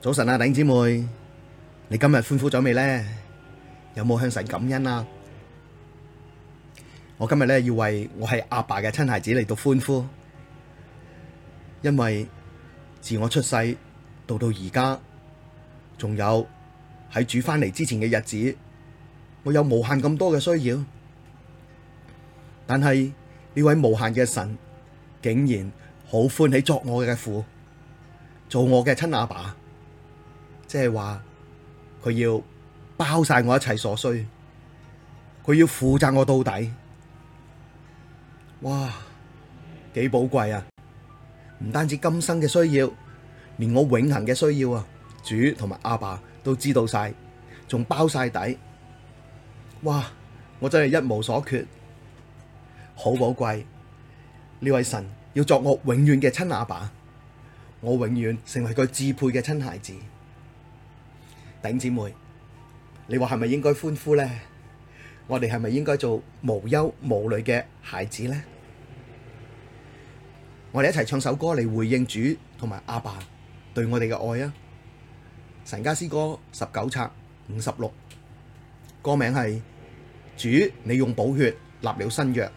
早晨啊，頂姊妹，你今日歡呼咗未呢？有冇向神感恩啊？我今日咧要為我係阿爸嘅親孩子嚟到歡呼，因為自我出世到到而家，仲有喺主翻嚟之前嘅日子，我有無限咁多嘅需要，但係呢位無限嘅神竟然好歡喜作我嘅父，做我嘅親阿爸。即係話佢要包晒我一切所需，佢要負責我到底。哇，幾寶貴啊！唔單止今生嘅需要，連我永恆嘅需要啊！主同埋阿爸都知道晒，仲包晒底。哇！我真係一無所缺，好寶貴。呢位神要作我永遠嘅親阿爸，我永遠成為佢自配嘅親孩子。頂姐妹，你話係咪應該歡呼呢？我哋係咪應該做無憂無慮嘅孩子呢？我哋一齊唱首歌嚟回應主同埋阿爸對我哋嘅愛啊！神家詩歌十九冊五十六，歌名係主，你用寶血立了新約，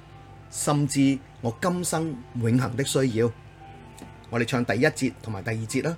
深知我今生永恆的需要。我哋唱第一節同埋第二節啦。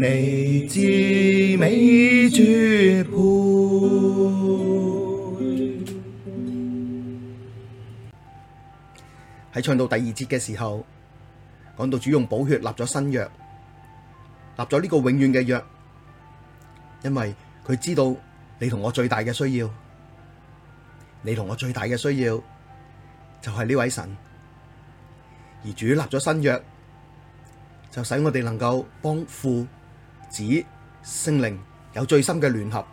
祢至美絕配。喺唱到第二節嘅時候，講到主用寶血立咗新約，立咗呢個永遠嘅約，因為佢知道你同我最大嘅需要，你同我最大嘅需要就係呢位神，而主立咗新約，就使我哋能夠幫父。子、聖靈有最深嘅聯合，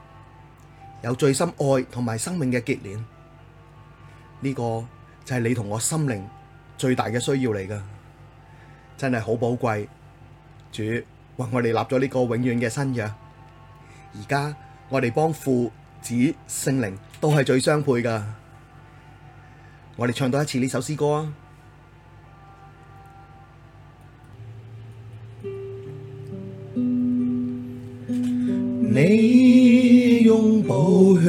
有最深愛同埋生命嘅結連，呢個就係你同我心靈最大嘅需要嚟噶，真係好寶貴。主為我哋立咗呢個永遠嘅新約，而家我哋幫父、子、聖靈都係最相配噶。我哋唱多一次呢首詩歌啊！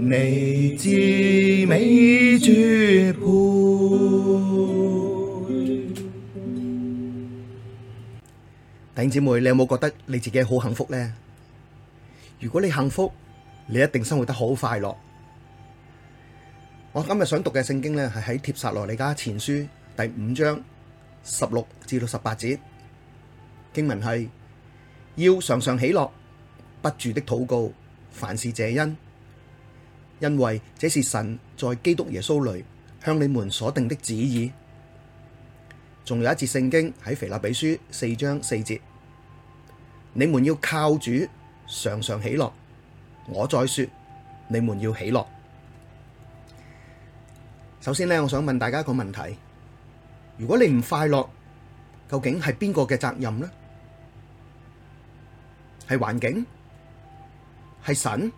祢至美絕配。弟兄姊妹，你有冇覺得你自己好幸福呢？如果你幸福，你一定生活得好快樂。我今日想讀嘅聖經呢，係喺帖撒羅尼迦前書第五章十六至到十八節。經文係要常常喜樂，不住的禱告，凡事謝恩。因為這是神在基督耶穌裏向你們所定的旨意。仲有一節聖經喺腓立比書四章四節，你們要靠主常常喜樂。我再說，你們要喜樂。首先呢，我想問大家一個問題：如果你唔快樂，究竟係邊個嘅責任呢？係環境？係神？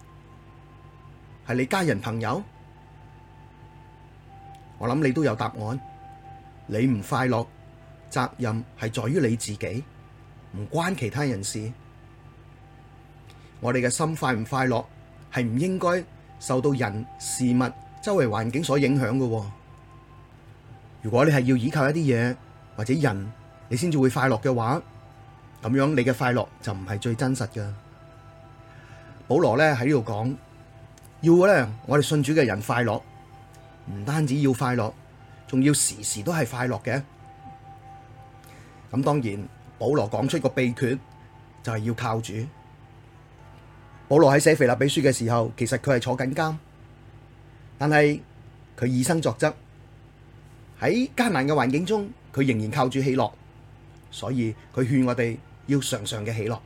係你家人朋友？我諗你都有答案。你唔快樂，責任係在於你自己，唔關其他人事。我哋嘅心快唔快樂，係唔應該受到人事物周圍環境所影響㗎。如果你係要依靠一啲嘢，或者人，你先至會快樂嘅話，咁樣你嘅快樂就唔係最真實㗎。保羅咧喺呢度講。要咧，我哋信主嘅人快樂，唔單止要快樂，仲要時時都係快樂嘅。咁當然，保羅講出一個秘訣就係、是、要靠主。保羅喺寫腓立比書嘅時候，其實佢係坐緊監，但係佢以身作則，喺艱難嘅環境中，佢仍然靠主喜樂，所以佢勸我哋要常常嘅喜樂。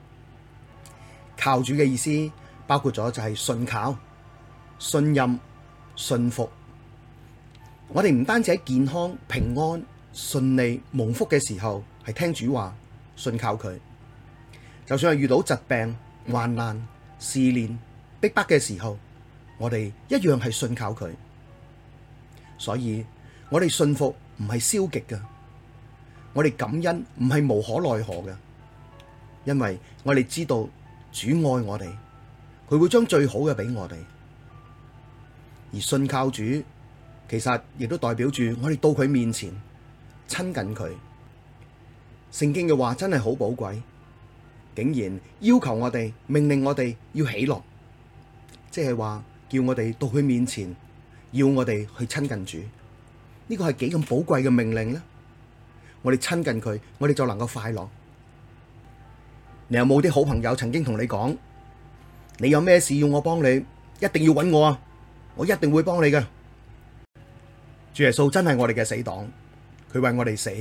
靠主嘅意思包括咗就係信靠。信任、信服，我哋唔單止喺健康、平安、順利、蒙福嘅時候係聽主話，信靠佢，就算係遇到疾病、患難、試煉、逼迫嘅時候，我哋一樣係信靠佢。所以，我哋信服唔係消極嘅，我哋感恩唔係無可奈何嘅，因為我哋知道主愛我哋，佢會將最好嘅俾我哋。而信靠主，其實亦都代表住我哋到佢面前親近佢。聖經嘅話真係好寶貴，竟然要求我哋、命令我哋要喜樂，即係話叫我哋到佢面前，要我哋去親近主。呢個係幾咁寶貴嘅命令呢？我哋親近佢，我哋就能夠快樂。你有冇啲好朋友曾經同你講，你有咩事要我幫你，一定要搵我啊？我一定會幫你嘅。主耶穌真係我哋嘅死黨，佢為我哋死，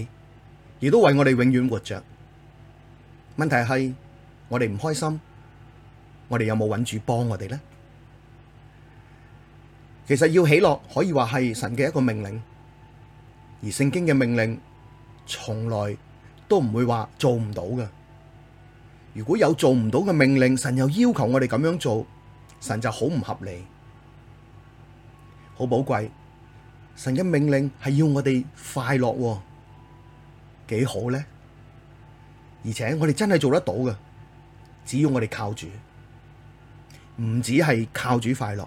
亦都為我哋永遠活着。問題係我哋唔開心，我哋有冇揾主幫我哋呢？其實要喜樂可以話係神嘅一個命令，而聖經嘅命令從來都唔會話做唔到嘅。如果有做唔到嘅命令，神又要求我哋咁樣做，神就好唔合理。好寶貴，神嘅命令係要我哋快樂，幾好呢？而且我哋真係做得到嘅，只要我哋靠主，唔止係靠主快樂，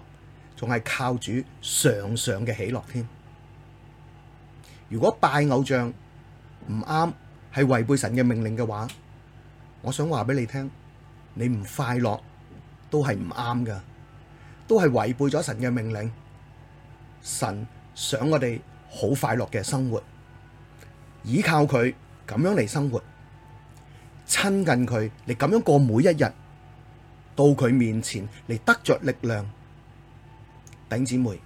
仲係靠主常常嘅喜樂添。如果拜偶像唔啱，係違背神嘅命令嘅話，我想話俾你聽，你唔快樂都係唔啱噶,都係違背咗神嘅命令。神想我哋好快樂嘅生活，依靠佢咁樣嚟生活，親近佢嚟咁樣過每一日，到佢面前嚟得着力量。頂姊妹，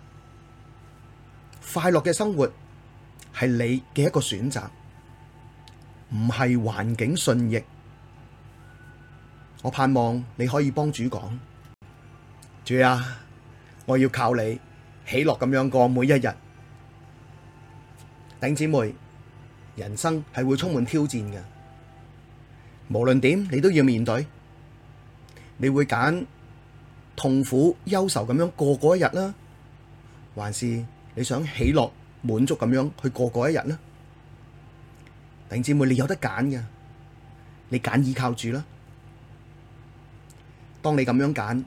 快樂嘅生活係你嘅一個選擇，唔係環境順逆。我盼望你可以幫主講，主啊，我要靠你。喜樂咁樣過每一日，頂姐妹，人生係會充滿挑戰嘅。無論點，你都要面對。你會揀痛苦憂愁咁樣過嗰一日啦，還是你想喜樂滿足咁樣去過嗰一日呢？頂姐妹，你有得揀嘅，你揀依靠主啦。當你咁樣揀，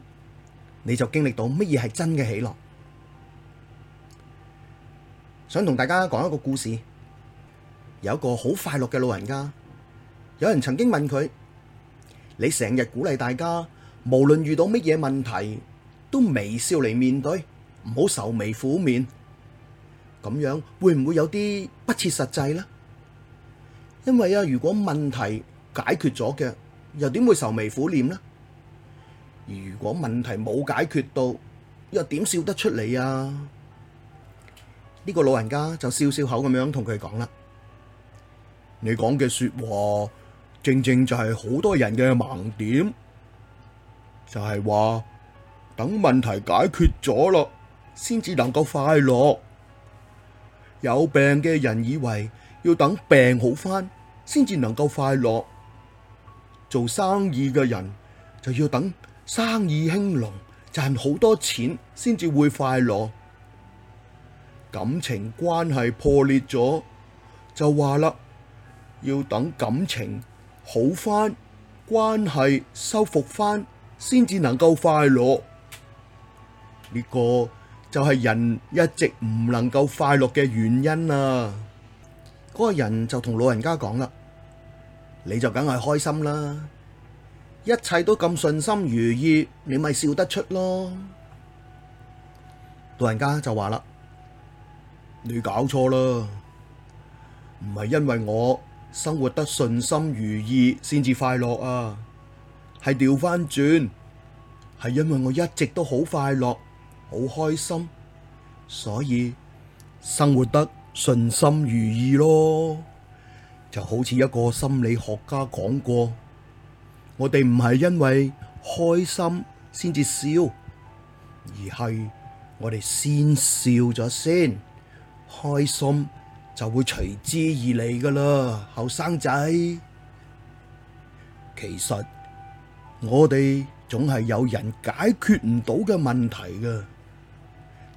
你就經歷到乜嘢係真嘅喜樂。想同大家講一個故事，有一個好快樂嘅老人家，有人曾經問佢：，你成日鼓勵大家，無論遇到乜嘢問題都微笑嚟面對，唔好愁眉苦面，咁樣會唔會有啲不切實際呢？因為啊，如果問題解決咗嘅，又點會愁眉苦臉呢？而如果問題冇解決到，又點笑得出嚟啊？呢個老人家就笑笑口咁樣同佢講啦：，你講嘅說話正正就係好多人嘅盲點，就係話等問題解決咗咯，先至能夠快樂。有病嘅人以為要等病好翻，先至能夠快樂；，做生意嘅人就要等生意興隆，賺好多錢先至會快樂。感情關係破裂咗，就話啦，要等感情好翻，關係修復翻，先至能夠快樂。呢個就係人一直唔能夠快樂嘅原因啊！嗰個人就同老人家講啦，你就梗係開心啦，一切都咁順心如意，你咪笑得出咯。老人家就話啦。你搞錯啦，唔係因為我生活得順心如意先至快樂啊，係調翻轉，係因為我一直都好快樂、好開心，所以生活得順心如意咯。就好似一個心理學家講過，我哋唔係因為開心先至笑，而係我哋先笑咗先。開心就會隨之而嚟㗎喇，後生仔。其實我哋總係有人解決唔到嘅問題㗎，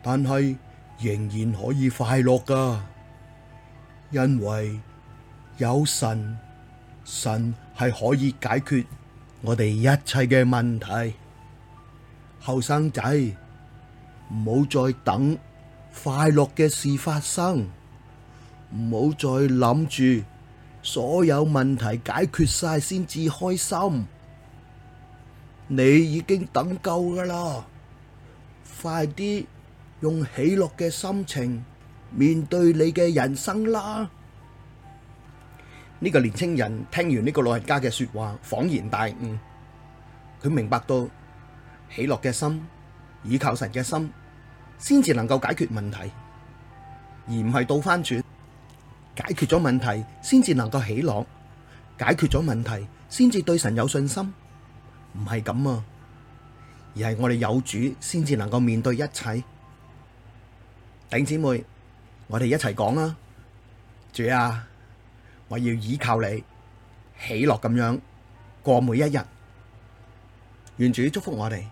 但係仍然可以快樂㗎，因為有神，神係可以解決我哋一切嘅問題。後生仔，唔好再等。快樂嘅事發生，唔好再諗住所有問題解決晒先至開心。你已經等夠噶啦，快啲用喜樂嘅心情面對你嘅人生啦！呢個年青人聽完呢個老人家嘅說話，恍然大悟，佢明白到喜樂嘅心，倚靠神嘅心。先至能夠解決問題，而唔係倒翻轉解決咗問題，先至能夠喜樂，解決咗問題，先至對神有信心，唔係咁啊，而係我哋有主，先至能夠面對一切。頂姐妹，我哋一齊講啊，主啊，我要依靠你，喜樂咁樣過每一日，願主祝福我哋。